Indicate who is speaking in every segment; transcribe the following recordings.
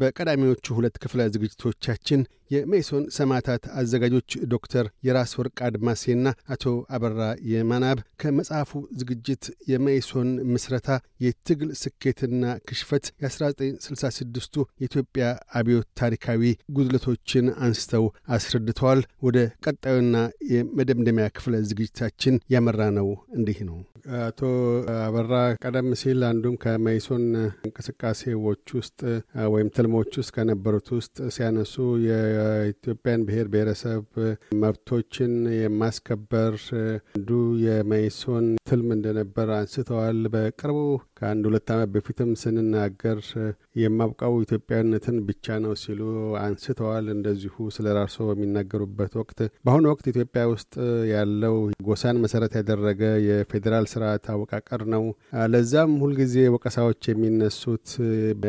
Speaker 1: በቀዳሚዎቹ ሁለት ክፍለ ዝግጅቶቻችን የሜሶን ሰማዕታት አዘጋጆች ዶክተር የራስ ወርቅ አድማሴና አቶ አበራ የማናብ ከመጽሐፉ ዝግጅት የሜሶን ምስረታ፣ የትግል ስኬትና ክሽፈት፣ የ1966ቱ የኢትዮጵያ አብዮት ታሪካዊ ጉድለቶችን አንስተው አስረድተዋል። ወደ ቀጣዩና የመደምደሚያ ክፍለ ዝግጅታችን ያመራ ነው እንዲህ ነው። አቶ አበራ ቀደም ሲል አንዱም ከሜሶን እንቅስቃሴዎች ውስጥ ወይም ህልሞች ውስጥ ከነበሩት ውስጥ ሲያነሱ የኢትዮጵያን ብሔር ብሔረሰብ መብቶችን የማስከበር አንዱ የማይሶን ትልም እንደነበር አንስተዋል። በቅርቡ ከአንድ ሁለት ዓመት በፊትም ስንናገር የማብቃው ኢትዮጵያዊነትን ብቻ ነው ሲሉ አንስተዋል። እንደዚሁ ስለ ራሶ በሚናገሩበት ወቅት በአሁኑ ወቅት ኢትዮጵያ ውስጥ ያለው ጎሳን መሰረት ያደረገ የፌዴራል ስርዓት አወቃቀር ነው። ለዛም ሁልጊዜ ወቀሳዎች የሚነሱት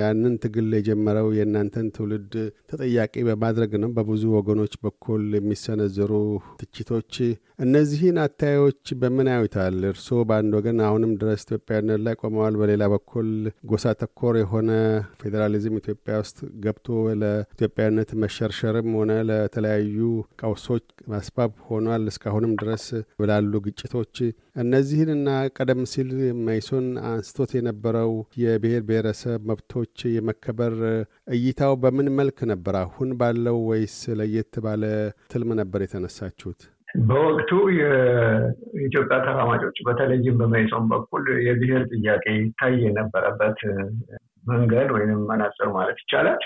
Speaker 1: ያንን ትግል የጀመረው የእናንተን ትውልድ ተጠያቂ በማድረግ ነው። በብዙ ወገኖች በኩል የሚሰነዘሩ ትችቶች፣ እነዚህን አታዮች በምን ያዩታል? እርስዎ በአንድ ወገን አሁንም ድረስ ኢትዮጵያዊነት ላይ ቆመዋል፣ በሌላ በኩል ጎሳ ተኮር የሆነ ፌዴራሊዝም ኢትዮጵያ ውስጥ ገብቶ ለኢትዮጵያዊነት መሸርሸርም ሆነ ለተለያዩ ቀውሶች ማስባብ ሆኗል። እስካሁንም ድረስ ብላሉ ግጭቶች እነዚህንና ቀደም ሲል መይሶን አንስቶት የነበረው የብሔር ብሔረሰብ መብቶች የመከበር እይታው በምን መልክ ነበር? አሁን ባለው ወይስ ለየት ባለ ትልም ነበር የተነሳችሁት? በወቅቱ
Speaker 2: የኢትዮጵያ ተራማጮች በተለይም በመይሶን በኩል የብሔር ጥያቄ ይታይ የነበረበት መንገድ ወይም መነጽር ማለት ይቻላል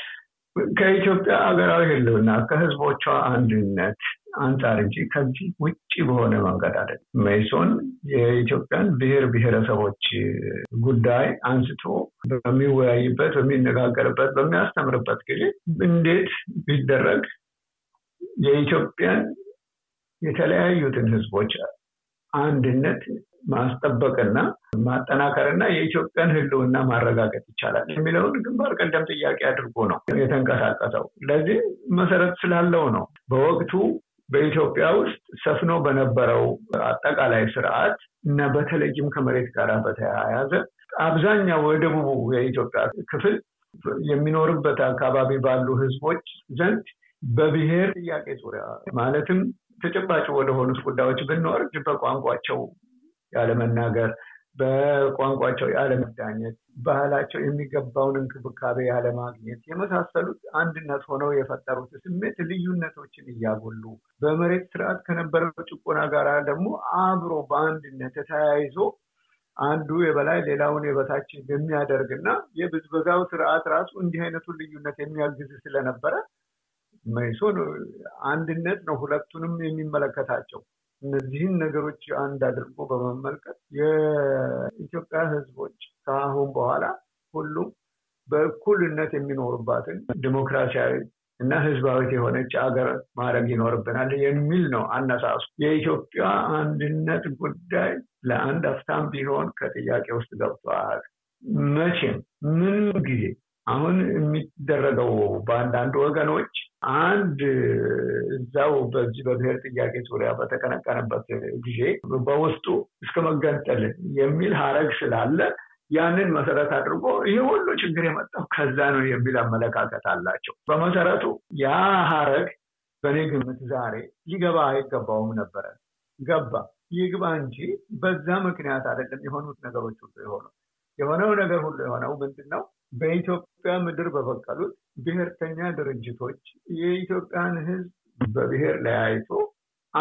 Speaker 2: ከኢትዮጵያ ሀገራዊ ህልውና ከህዝቦቿ አንድነት አንጻር እንጂ ከዚህ ውጭ በሆነ መንገድ አይደለም። ሜሶን የኢትዮጵያን ብሔር ብሔረሰቦች ጉዳይ አንስቶ በሚወያይበት፣ በሚነጋገርበት፣ በሚያስተምርበት ጊዜ እንዴት ቢደረግ የኢትዮጵያን የተለያዩትን ህዝቦች አንድነት ማስጠበቅና ማጠናከርና የኢትዮጵያን ህልውና ማረጋገጥ ይቻላል የሚለውን ግንባር ቀደም ጥያቄ አድርጎ ነው የተንቀሳቀሰው። ለዚህ መሰረት ስላለው ነው በወቅቱ በኢትዮጵያ ውስጥ ሰፍኖ በነበረው አጠቃላይ ስርዓት እና በተለይም ከመሬት ጋር በተያያዘ አብዛኛው የደቡቡ የኢትዮጵያ ክፍል የሚኖርበት አካባቢ ባሉ ህዝቦች ዘንድ በብሔር ጥያቄ ዙሪያ ማለትም ተጨባጭ ወደሆኑት ጉዳዮች ብንወርድ በቋንቋቸው ያለመናገር፣ በቋንቋቸው ያለመዳኘት፣ ባህላቸው የሚገባውን እንክብካቤ ያለማግኘት የመሳሰሉት አንድነት ሆነው የፈጠሩት ስሜት ልዩነቶችን እያጎሉ በመሬት ስርዓት ከነበረው ጭቆና ጋር ደግሞ አብሮ በአንድነት ተያይዞ አንዱ የበላይ ሌላውን የበታች እና የብዝበዛው ስርዓት ራሱ እንዲህ አይነቱን ልዩነት የሚያግዝ ስለነበረ መይሶን አንድነት ነው ሁለቱንም የሚመለከታቸው። እነዚህን ነገሮች አንድ አድርጎ በመመልከት የኢትዮጵያ ሕዝቦች ከአሁን በኋላ ሁሉም በእኩልነት የሚኖሩባትን ዲሞክራሲያዊ እና ህዝባዊት የሆነች አገር ማድረግ ይኖርብናል የሚል ነው አነሳሱ። የኢትዮጵያ አንድነት ጉዳይ ለአንድ አፍታም ቢሆን ከጥያቄ ውስጥ ገብቷል። መቼም ምን ጊዜ አሁን የሚደረገው በአንዳንድ ወገኖች አንድ እዛው በዚህ በብሔር ጥያቄ ዙሪያ በተቀነቀነበት ጊዜ በውስጡ እስከ መገንጠል የሚል ሀረግ ስላለ ያንን መሰረት አድርጎ ይህ ሁሉ ችግር የመጣው ከዛ ነው የሚል አመለካከት አላቸው። በመሰረቱ ያ ሀረግ በእኔ ግምት ዛሬ ሊገባ አይገባውም ነበረ። ገባ ይግባ እንጂ በዛ ምክንያት አይደለም የሆኑት ነገሮች ሁሉ የሆኑት የሆነው ነገር ሁሉ የሆነው ምንድን ነው በኢትዮጵያ ምድር በበቀሉት ብሔርተኛ ድርጅቶች የኢትዮጵያን ሕዝብ በብሔር ለያይቶ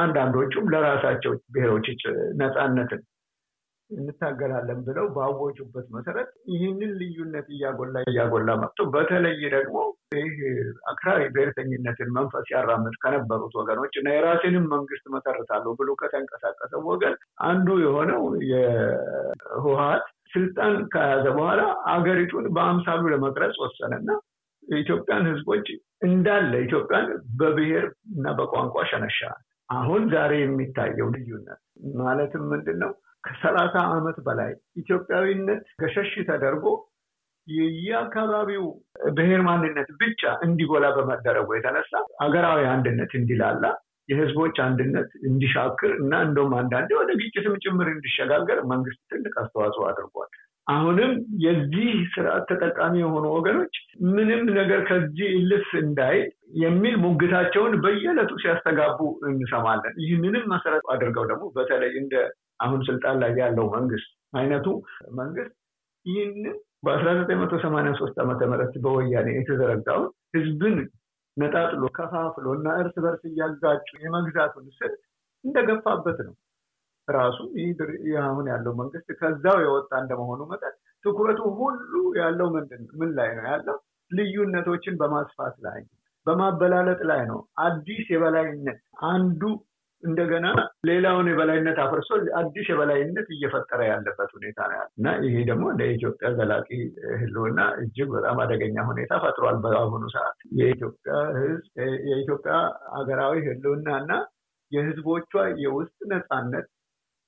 Speaker 2: አንዳንዶቹም ለራሳቸው ብሔሮች ነፃነትን እንታገላለን ብለው ባወጁበት መሰረት ይህንን ልዩነት እያጎላ እያጎላ መጥቶ በተለይ ደግሞ ይህ አክራሪ ብሔርተኝነትን መንፈስ ያራምድ ከነበሩት ወገኖች እና የራሴንም መንግስት መሰርታለሁ ብሎ ከተንቀሳቀሰው ወገን አንዱ የሆነው የህወሀት ስልጣን ከያዘ በኋላ አገሪቱን በአምሳሉ ለመቅረጽ ወሰነና የኢትዮጵያን ህዝቦች እንዳለ ኢትዮጵያን በብሔር እና በቋንቋ ሸነሻ አሁን ዛሬ የሚታየው ልዩነት ማለትም ምንድን ነው? ከሰላሳ ዓመት በላይ ኢትዮጵያዊነት ገሸሽ ተደርጎ የየአካባቢው ብሔር ማንነት ብቻ እንዲጎላ በመደረጉ የተነሳ ሀገራዊ አንድነት እንዲላላ የህዝቦች አንድነት እንዲሻክር እና እንደውም አንዳንዴ ወደ ግጭትም ጭምር እንዲሸጋገር መንግስት ትልቅ አስተዋጽኦ አድርጓል። አሁንም የዚህ ስርዓት ተጠቃሚ የሆኑ ወገኖች ምንም ነገር ከዚህ እልፍ እንዳይል የሚል ሙግታቸውን በየዕለቱ ሲያስተጋቡ እንሰማለን። ምንም መሰረት አድርገው ደግሞ በተለይ እንደ አሁን ስልጣን ላይ ያለው መንግስት አይነቱ መንግስት ይህን በ1983 ዓ ም በወያኔ የተዘረጋውን ህዝብን ነጣጥሎ ከፋፍሎ እና እርስ በርስ እያጋጩ የመግዛቱን ስልት እንደገፋበት ነው። ራሱ ይህ አሁን ያለው መንግስት ከዛው የወጣ እንደመሆኑ መጠን ትኩረቱ ሁሉ ያለው ምንድን ምን ላይ ነው ያለው? ልዩነቶችን በማስፋት ላይ፣ በማበላለጥ ላይ ነው። አዲስ የበላይነት አንዱ እንደገና ሌላውን የበላይነት አፍርሶ አዲስ የበላይነት እየፈጠረ ያለበት ሁኔታ ነው ያለ እና ይሄ ደግሞ ለኢትዮጵያ ዘላቂ ህልውና እጅግ በጣም አደገኛ ሁኔታ ፈጥሯል። በአሁኑ ሰዓት የኢትዮጵያ ህዝብ የኢትዮጵያ ሀገራዊ ህልውና እና የህዝቦቿ የውስጥ ነፃነት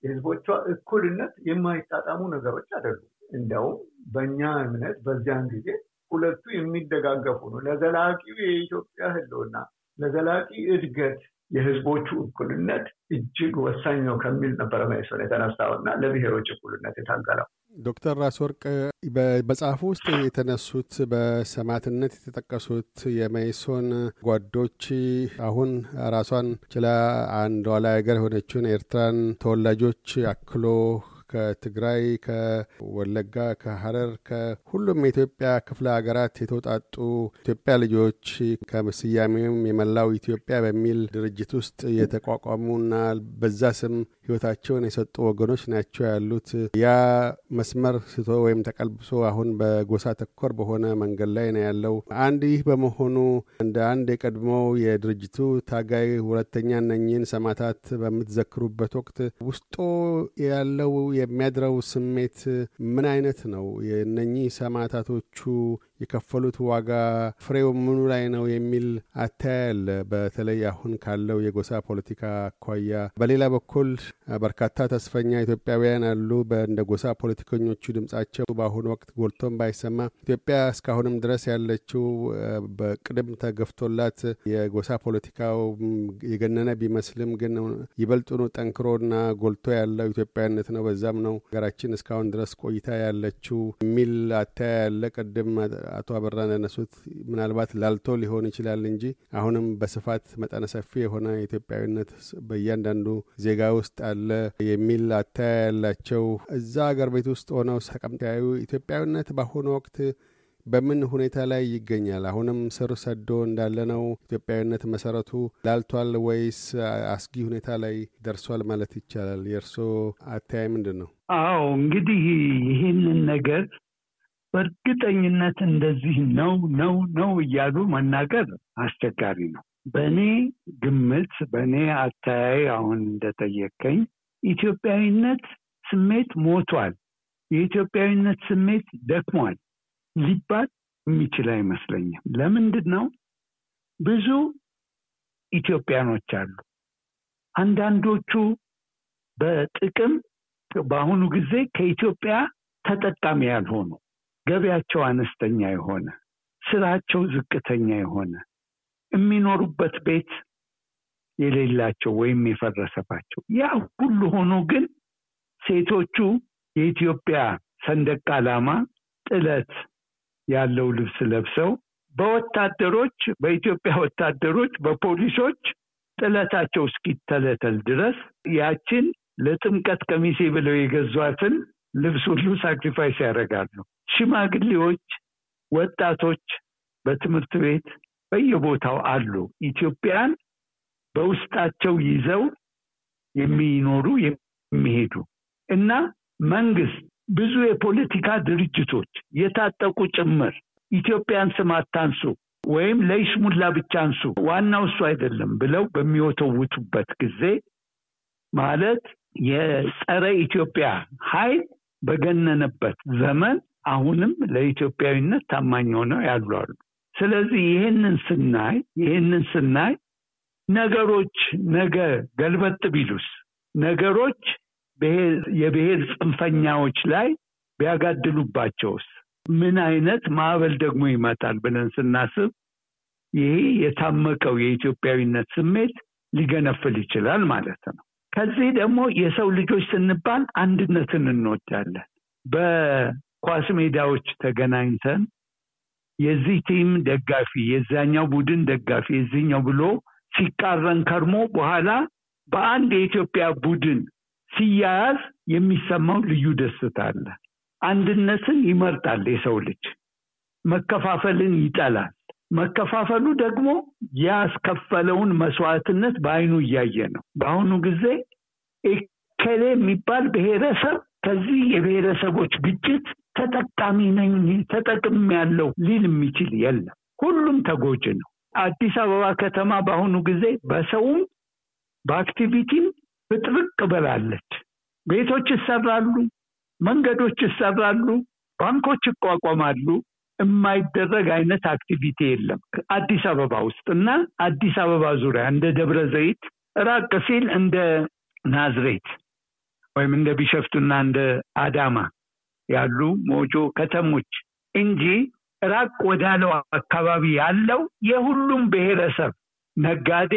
Speaker 2: የህዝቦቿ እኩልነት የማይጣጣሙ ነገሮች አደሉ። እንደውም በእኛ እምነት በዚያን ጊዜ ሁለቱ የሚደጋገፉ ነው። ለዘላቂው የኢትዮጵያ ህልውና ለዘላቂ እድገት የህዝቦቹ እኩልነት እጅግ ወሳኝ ነው ከሚል ነበረ መኢሶን የተነሳው እና ለብሔሮች እኩልነት የታገለው።
Speaker 1: ዶክተር ራስ ወርቅ በመጽሐፉ ውስጥ የተነሱት በሰማዕትነት የተጠቀሱት የመይሶን ጓዶች አሁን ራሷን ችላ አንዷ ሀገር የሆነችውን ኤርትራን ተወላጆች አክሎ ከትግራይ፣ ከወለጋ፣ ከሐረር፣ ከሁሉም የኢትዮጵያ ክፍለ ሀገራት የተውጣጡ ኢትዮጵያ ልጆች ከስያሜውም የመላው ኢትዮጵያ በሚል ድርጅት ውስጥ የተቋቋሙና በዛ ስም ህይወታቸውን የሰጡ ወገኖች ናቸው ያሉት። ያ መስመር ስቶ ወይም ተቀልብሶ አሁን በጎሳ ተኮር በሆነ መንገድ ላይ ነው ያለው። አንድ ይህ በመሆኑ እንደ አንድ የቀድሞው የድርጅቱ ታጋይ፣ ሁለተኛ እነኝህን ሰማዕታት በምትዘክሩበት ወቅት ውስጡ ያለው የሚያድረው ስሜት ምን አይነት ነው? የእነኚህ ሰማዕታቶቹ የከፈሉት ዋጋ ፍሬው ምኑ ላይ ነው የሚል አታያል። በተለይ አሁን ካለው የጎሳ ፖለቲካ አኳያ። በሌላ በኩል በርካታ ተስፈኛ ኢትዮጵያውያን አሉ። እንደ ጎሳ ፖለቲከኞቹ ድምጻቸው በአሁኑ ወቅት ጎልቶም ባይሰማ ኢትዮጵያ እስካሁንም ድረስ ያለችው በቅድም ተገፍቶላት የጎሳ ፖለቲካው የገነነ ቢመስልም ግን ይበልጡኑ ጠንክሮና ጎልቶ ያለው ኢትዮጵያዊነት ነው። በዛም ነው ሀገራችን እስካሁን ድረስ ቆይታ ያለችው የሚል አታያ ያለ ቅድም አቶ አበራን ያነሱት ምናልባት ላልቶ ሊሆን ይችላል እንጂ አሁንም በስፋት መጠነ ሰፊ የሆነ ኢትዮጵያዊነት በእያንዳንዱ ዜጋ ውስጥ አለ የሚል አታያ ያላቸው እዛ አገር ቤት ውስጥ ሆነው ተቀምጠው ኢትዮጵያዊነት በአሁኑ ወቅት በምን ሁኔታ ላይ ይገኛል? አሁንም ስር ሰዶ እንዳለ ነው? ኢትዮጵያዊነት መሰረቱ ላልቷል ወይስ አስጊ ሁኔታ ላይ ደርሷል ማለት ይቻላል? የእርስዎ አተያይ ምንድን ነው?
Speaker 3: አዎ እንግዲህ ይህንን ነገር በእርግጠኝነት እንደዚህ ነው ነው ነው እያሉ መናገር አስቸጋሪ ነው። በእኔ ግምት፣ በእኔ አተያይ አሁን እንደጠየቀኝ ኢትዮጵያዊነት ስሜት ሞቷል፣ የኢትዮጵያዊነት ስሜት ደክሟል ሊባል የሚችል አይመስለኝም። ለምንድን ነው? ብዙ ኢትዮጵያኖች አሉ። አንዳንዶቹ በጥቅም በአሁኑ ጊዜ ከኢትዮጵያ ተጠቃሚ ያልሆኑ ገቢያቸው አነስተኛ የሆነ ስራቸው ዝቅተኛ የሆነ የሚኖሩበት ቤት የሌላቸው ወይም የፈረሰባቸው ያ ሁሉ ሆኖ ግን ሴቶቹ የኢትዮጵያ ሰንደቅ ዓላማ ጥለት ያለው ልብስ ለብሰው በወታደሮች በኢትዮጵያ ወታደሮች በፖሊሶች ጥለታቸው እስኪተለተል ድረስ ያችን ለጥምቀት ቀሚሴ ብለው የገዟትን ልብስ ሁሉ ሳክሪፋይስ ያደርጋሉ። ሽማግሌዎች፣ ወጣቶች በትምህርት ቤት በየቦታው አሉ። ኢትዮጵያን በውስጣቸው ይዘው የሚኖሩ የሚሄዱ እና መንግስት ብዙ የፖለቲካ ድርጅቶች የታጠቁ ጭምር ኢትዮጵያን ስም አታንሱ ወይም ለይስሙላ ብቻ አንሱ፣ ዋናው እሱ አይደለም ብለው በሚወተውቱበት ጊዜ ማለት የጸረ ኢትዮጵያ ኃይል በገነነበት ዘመን አሁንም ለኢትዮጵያዊነት ታማኝ ሆነው ያሉ አሉ። ስለዚህ ይህንን ስናይ ይህንን ስናይ ነገሮች ነገ ገልበጥ ቢሉስ ነገሮች የብሔር ጽንፈኛዎች ላይ ቢያጋድሉባቸውስ ምን አይነት ማዕበል ደግሞ ይመጣል ብለን ስናስብ ይሄ የታመቀው የኢትዮጵያዊነት ስሜት ሊገነፍል ይችላል ማለት ነው። ከዚህ ደግሞ የሰው ልጆች ስንባል አንድነትን እንወዳለን። በኳስ ሜዳዎች ተገናኝተን የዚህ ቲም ደጋፊ፣ የዛኛው ቡድን ደጋፊ፣ የዚህኛው ብሎ ሲቃረን ከርሞ በኋላ በአንድ የኢትዮጵያ ቡድን ሲያያዝ የሚሰማው ልዩ ደስታ አለ። አንድነትን ይመርጣል የሰው ልጅ፣ መከፋፈልን ይጠላል። መከፋፈሉ ደግሞ ያስከፈለውን መስዋዕትነት በአይኑ እያየ ነው። በአሁኑ ጊዜ እከሌ የሚባል ብሔረሰብ ከዚህ የብሔረሰቦች ግጭት ተጠቃሚ ነኝ ተጠቅም ያለው ሊል የሚችል የለም። ሁሉም ተጎጂ ነው። አዲስ አበባ ከተማ በአሁኑ ጊዜ በሰውም በአክቲቪቲም ብጥብቅ ብላለች። ቤቶች ይሰራሉ፣ መንገዶች ይሰራሉ፣ ባንኮች ይቋቋማሉ፣ የማይደረግ አይነት አክቲቪቲ የለም አዲስ አበባ ውስጥ እና አዲስ አበባ ዙሪያ እንደ ደብረ ዘይት ራቅ ሲል እንደ ናዝሬት ወይም እንደ ቢሸፍቱና እንደ አዳማ ያሉ ሞጆ ከተሞች እንጂ ራቅ ወዳለው አካባቢ ያለው የሁሉም ብሔረሰብ ነጋዴ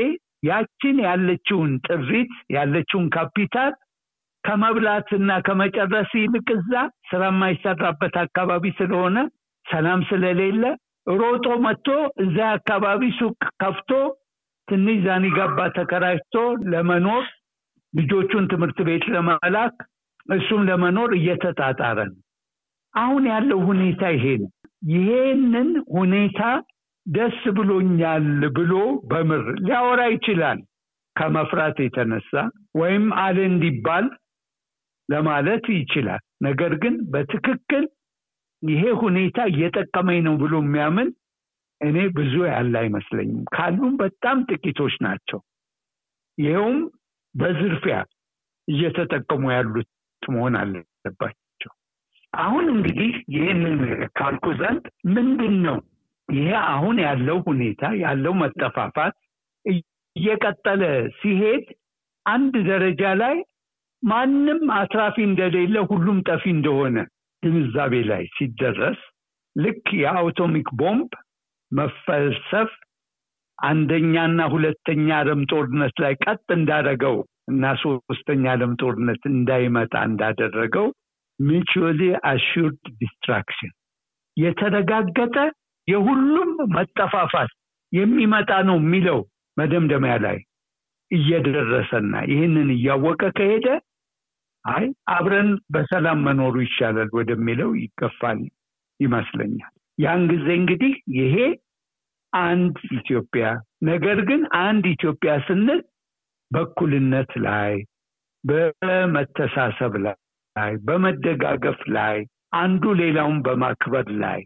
Speaker 3: ያችን ያለችውን ጥሪት ያለችውን ካፒታል ከመብላትና ከመጨረስ ይልቅ እዛ ስራ የማይሰራበት አካባቢ ስለሆነ ሰላም ስለሌለ ሮጦ መጥቶ እዛ አካባቢ ሱቅ ከፍቶ ትንሽ ዛኒ ገባ ተከራጅቶ ለመኖር ልጆቹን ትምህርት ቤት ለመላክ እሱም ለመኖር እየተጣጣረ ነው። አሁን ያለው ሁኔታ ይሄ ነው። ይሄንን ሁኔታ ደስ ብሎኛል ብሎ በምር ሊያወራ ይችላል። ከመፍራት የተነሳ ወይም አለ እንዲባል ለማለት ይችላል። ነገር ግን በትክክል ይሄ ሁኔታ እየጠቀመኝ ነው ብሎ የሚያምን እኔ ብዙ ያለ አይመስለኝም። ካሉም በጣም ጥቂቶች ናቸው። ይኸውም በዝርፊያ እየተጠቀሙ ያሉት መሆን አለባቸው። አሁን እንግዲህ ይህንን ካልኩ ዘንድ ምንድን ነው ይሄ አሁን ያለው ሁኔታ ያለው መጠፋፋት እየቀጠለ ሲሄድ አንድ ደረጃ ላይ ማንም አትራፊ እንደሌለ ሁሉም ጠፊ እንደሆነ ግንዛቤ ላይ ሲደረስ ልክ የአውቶሚክ ቦምብ መፈልሰፍ አንደኛና ሁለተኛ ዓለም ጦርነት ላይ ቀጥ እንዳደረገው እና ሶስተኛ ዓለም ጦርነት እንዳይመጣ እንዳደረገው ሚቹዋሊ አሹርድ ዲስትራክሽን የተረጋገጠ የሁሉም መጠፋፋት የሚመጣ ነው የሚለው መደምደሚያ ላይ እየደረሰና ይህንን እያወቀ ከሄደ አይ አብረን በሰላም መኖሩ ይሻላል ወደሚለው ይገፋል ይመስለኛል። ያን ጊዜ እንግዲህ ይሄ አንድ ኢትዮጵያ ነገር ግን አንድ ኢትዮጵያ ስንል በእኩልነት ላይ፣ በመተሳሰብ ላይ፣ በመደጋገፍ ላይ፣ አንዱ ሌላውን በማክበር ላይ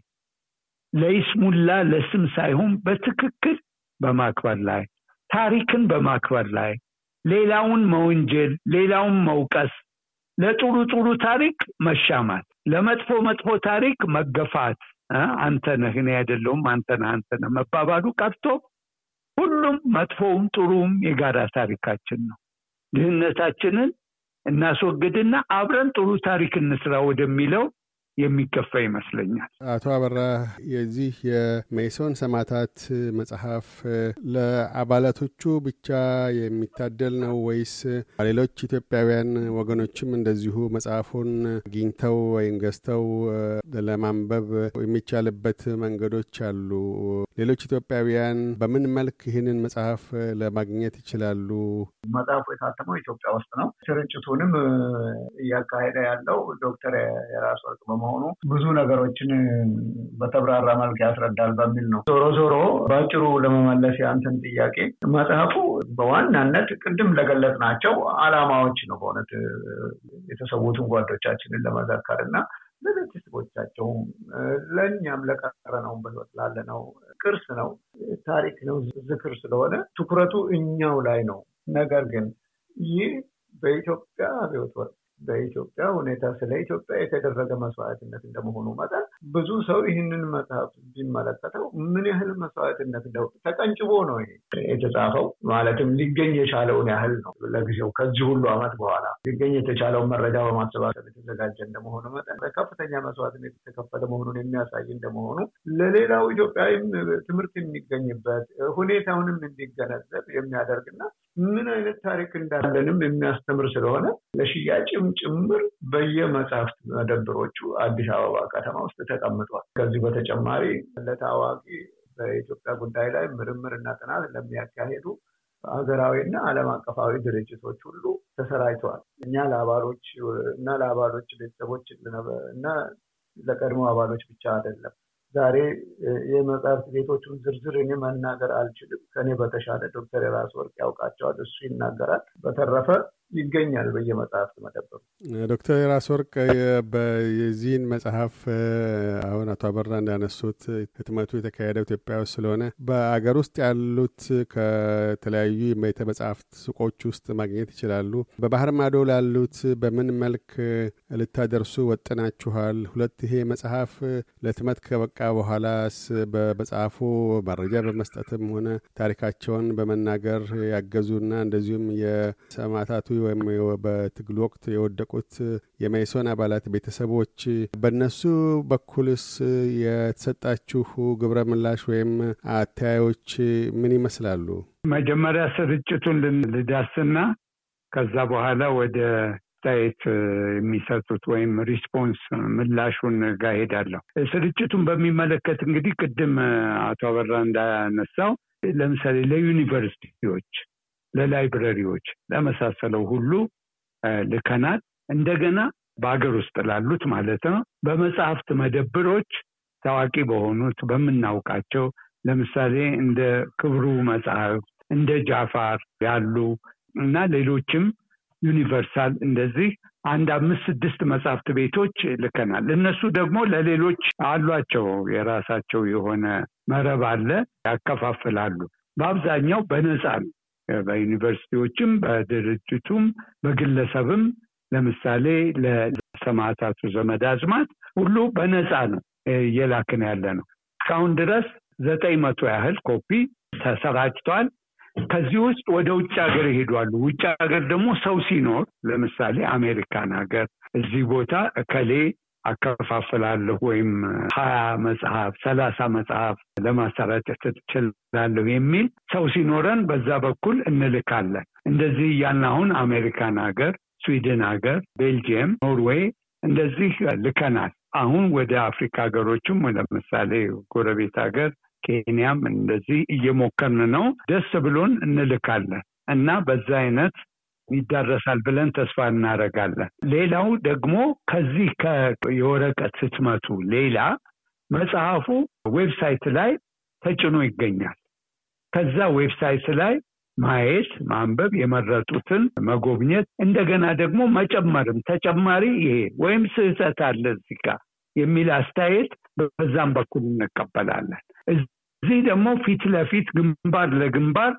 Speaker 3: ለይስሙላ ለስም ሳይሆን በትክክል በማክበር ላይ፣ ታሪክን በማክበር ላይ፣ ሌላውን መወንጀል፣ ሌላውን መውቀስ ለጥሩ ጥሩ ታሪክ መሻማት፣ ለመጥፎ መጥፎ ታሪክ መገፋት፣ አንተ ነህ እኔ አይደለውም አንተ ነህ አንተ መባባሉ ቀርቶ ሁሉም መጥፎውም ጥሩውም የጋራ ታሪካችን ነው። ድህነታችንን እናስወግድና አብረን ጥሩ ታሪክ እንስራ ወደሚለው የሚከፋ
Speaker 1: ይመስለኛል። አቶ አበራ የዚህ የሜሶን ሰማዕታት መጽሐፍ ለአባላቶቹ ብቻ የሚታደል ነው ወይስ ሌሎች ኢትዮጵያውያን ወገኖችም እንደዚሁ መጽሐፉን አግኝተው ወይም ገዝተው ለማንበብ የሚቻልበት መንገዶች አሉ? ሌሎች ኢትዮጵያውያን በምን መልክ ይህንን መጽሐፍ ለማግኘት ይችላሉ?
Speaker 2: መጽሐፉ የታተመው ኢትዮጵያ ውስጥ ነው። ስርጭቱንም እያካሄደ ያለው ዶክተር የራሱ ወርቅ በመሆኑ ብዙ ነገሮችን በተብራራ መልክ ያስረዳል በሚል ነው። ዞሮ ዞሮ በአጭሩ ለመመለስ ያንተን ጥያቄ መጽሐፉ በዋናነት ቅድም ለገለጽ ናቸው። አላማዎች ነው በእውነት የተሰዉትን ጓዶቻችንን ለመዘከር እና ለቤተሰቦቻቸውም ለእኛም ነው በህይወት ነው ቅርስ ነው፣ ታሪክ ነው፣ ዝክር ስለሆነ ትኩረቱ እኛው ላይ ነው። ነገር ግን ይህ በኢትዮጵያ አብዮት ወቅት በኢትዮጵያ ሁኔታ ስለ ኢትዮጵያ የተደረገ መስዋዕትነት እንደመሆኑ መጠን ብዙ ሰው ይህንን መጽሐፍ ቢመለከተው ምን ያህል መስዋዕትነት እንደው ተቀንጭቦ ነው ይሄ የተጻፈው። ማለትም ሊገኝ የቻለውን ያህል ነው። ለጊዜው ከዚህ ሁሉ አመት በኋላ ሊገኝ የተቻለውን መረጃ በማሰባሰብ የተዘጋጀ እንደመሆኑ መጠን በከፍተኛ መስዋዕትነት የተከፈለ መሆኑን የሚያሳይ እንደመሆኑ ለሌላው ኢትዮጵያዊም ትምህርት የሚገኝበት ሁኔታውንም እንዲገነዘብ የሚያደርግና ምን አይነት ታሪክ እንዳለንም የሚያስተምር ስለሆነ ለሽያጭም ጭምር በየመጽሐፍት መደብሮቹ አዲስ አበባ ከተማ ውስጥ ተቀምጧል። ከዚህ በተጨማሪ ለታዋቂ በኢትዮጵያ ጉዳይ ላይ ምርምር እና ጥናት ለሚያካሄዱ ሀገራዊ እና ዓለም አቀፋዊ ድርጅቶች ሁሉ ተሰራይተዋል። እኛ ለአባሎች እና ለአባሎች ቤተሰቦች እና ለቀድሞ አባሎች ብቻ አይደለም። ዛሬ የመጽሐፍት ቤቶቹን ዝርዝር እኔ መናገር አልችልም። ከኔ በተሻለ ዶክተር የራስ ወርቅ ያውቃቸዋል፣ እሱ ይናገራል። በተረፈ ይገኛል
Speaker 1: በየመጽሐፍት መደብሩ። ዶክተር የራስ ወርቅ የዚህን መጽሐፍ አሁን አቶ አበራ እንዳነሱት ህትመቱ የተካሄደው ኢትዮጵያ ውስጥ ስለሆነ በአገር ውስጥ ያሉት ከተለያዩ ቤተ መጽሐፍት ሱቆች ውስጥ ማግኘት ይችላሉ። በባህር ማዶ ላሉት በምን መልክ ልታደርሱ ወጥናችኋል? ሁለት ይሄ መጽሐፍ ለህትመት ከበቃ በኋላስ በመጽሐፉ መረጃ በመስጠትም ሆነ ታሪካቸውን በመናገር ያገዙና እንደዚሁም የሰማዕታቱ ወይም በትግል ወቅት የወደቁት የማይሶን አባላት ቤተሰቦች በነሱ በኩልስ የተሰጣችሁ ግብረ ምላሽ ወይም አተያዮች ምን ይመስላሉ?
Speaker 3: መጀመሪያ ስርጭቱን ልዳስና ከዛ በኋላ ወደ አስተያየት የሚሰጡት ወይም ሪስፖንስ ምላሹን ጋር ሄዳለሁ። ስርጭቱን በሚመለከት እንግዲህ ቅድም አቶ አበራ እንዳነሳው ለምሳሌ ለዩኒቨርሲቲዎች ለላይብረሪዎች ለመሳሰለው ሁሉ ልከናል። እንደገና በሀገር ውስጥ ላሉት ማለት ነው በመጽሐፍት መደብሮች ታዋቂ በሆኑት በምናውቃቸው ለምሳሌ እንደ ክብሩ መጽሐፍት እንደ ጃፋር ያሉ እና ሌሎችም ዩኒቨርሳል እንደዚህ አንድ አምስት ስድስት መጽሐፍት ቤቶች ልከናል። እነሱ ደግሞ ለሌሎች አሏቸው የራሳቸው የሆነ መረብ አለ፣ ያከፋፍላሉ። በአብዛኛው በነፃ ነው። በዩኒቨርሲቲዎችም በድርጅቱም በግለሰብም ለምሳሌ ለሰማዕታቱ ዘመድ አዝማት ሁሉ በነፃ ነው እየላክን ያለ ነው። እስካሁን ድረስ ዘጠኝ መቶ ያህል ኮፒ ተሰራጭቷል። ከዚህ ውስጥ ወደ ውጭ ሀገር ይሄዷሉ። ውጭ ሀገር ደግሞ ሰው ሲኖር ለምሳሌ አሜሪካን ሀገር እዚህ ቦታ እከሌ አከፋፍላለሁ ወይም ሀያ መጽሐፍ ሰላሳ መጽሐፍ ለማሰራጨት ትችላለሁ የሚል ሰው ሲኖረን በዛ በኩል እንልካለን። እንደዚህ እያልን አሁን አሜሪካን ሀገር፣ ስዊድን ሀገር፣ ቤልጅየም፣ ኖርዌይ እንደዚህ ልከናል። አሁን ወደ አፍሪካ ሀገሮችም ለምሳሌ ጎረቤት ሀገር ኬንያም እንደዚህ እየሞከርን ነው። ደስ ብሎን እንልካለን እና በዛ አይነት ይዳረሳል ብለን ተስፋ እናደርጋለን። ሌላው ደግሞ ከዚህ የወረቀት ስትመቱ ሌላ መጽሐፉ ዌብሳይት ላይ ተጭኖ ይገኛል። ከዛ ዌብሳይት ላይ ማየት፣ ማንበብ፣ የመረጡትን መጎብኘት፣ እንደገና ደግሞ መጨመርም ተጨማሪ ይሄ ወይም ስህተት አለ እዚህ ጋር የሚል አስተያየት በዛም በኩል እንቀበላለን። እዚህ ደግሞ ፊት ለፊት ግንባር ለግንባር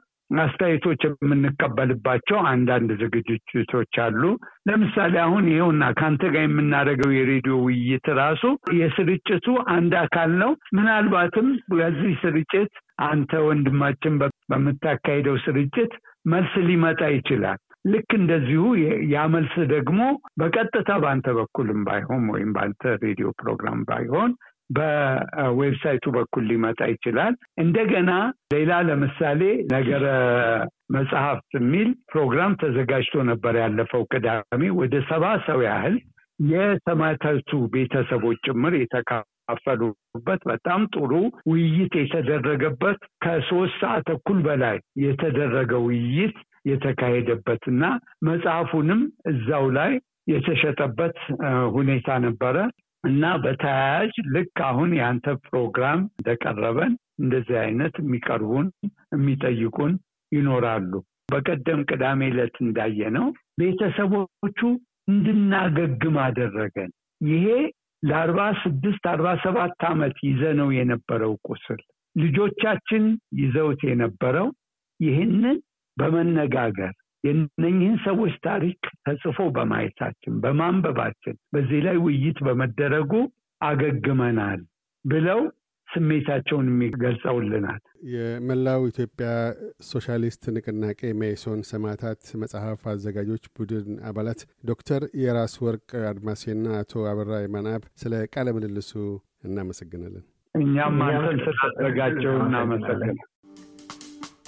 Speaker 3: አስተያየቶች የምንቀበልባቸው አንዳንድ ዝግጅቶች አሉ። ለምሳሌ አሁን ይኸውና ከአንተ ጋር የምናደርገው የሬዲዮ ውይይት ራሱ የስርጭቱ አንድ አካል ነው። ምናልባትም በዚህ ስርጭት አንተ ወንድማችን በምታካሄደው ስርጭት መልስ ሊመጣ ይችላል። ልክ እንደዚሁ ያ መልስ ደግሞ በቀጥታ በአንተ በኩልም ባይሆን ወይም በአንተ ሬዲዮ ፕሮግራም ባይሆን በዌብሳይቱ በኩል ሊመጣ ይችላል። እንደገና ሌላ ለምሳሌ ነገረ መጽሐፍ የሚል ፕሮግራም ተዘጋጅቶ ነበር ያለፈው ቅዳሜ ወደ ሰባ ሰው ያህል የሰማዕታቱ ቤተሰቦች ጭምር የተካፈሉበት በጣም ጥሩ ውይይት የተደረገበት ከሶስት ሰዓት ተኩል በላይ የተደረገ ውይይት የተካሄደበት እና መጽሐፉንም እዛው ላይ የተሸጠበት ሁኔታ ነበረ። እና በተያያዥ ልክ አሁን የአንተ ፕሮግራም እንደቀረበን እንደዚህ አይነት የሚቀርቡን የሚጠይቁን ይኖራሉ። በቀደም ቅዳሜ ዕለት እንዳየ ነው ቤተሰቦቹ እንድናገግም አደረገን። ይሄ ለአርባ ስድስት አርባ ሰባት ዓመት ይዘነው የነበረው ቁስል ልጆቻችን ይዘውት የነበረው ይህንን በመነጋገር የነኝህን ሰዎች ታሪክ ተጽፎ በማየታችን በማንበባችን፣ በዚህ ላይ ውይይት በመደረጉ አገግመናል ብለው ስሜታቸውን የሚገልጸውልናል።
Speaker 1: የመላው ኢትዮጵያ ሶሻሊስት ንቅናቄ መኢሶን ሰማዕታት መጽሐፍ አዘጋጆች ቡድን አባላት ዶክተር የራስ ወርቅ አድማሴና አቶ አበራ የማናብ ስለ ቃለ ምልልሱ እናመሰግናለን። እኛም አንተን ስላደረጋቸው እናመሰግናል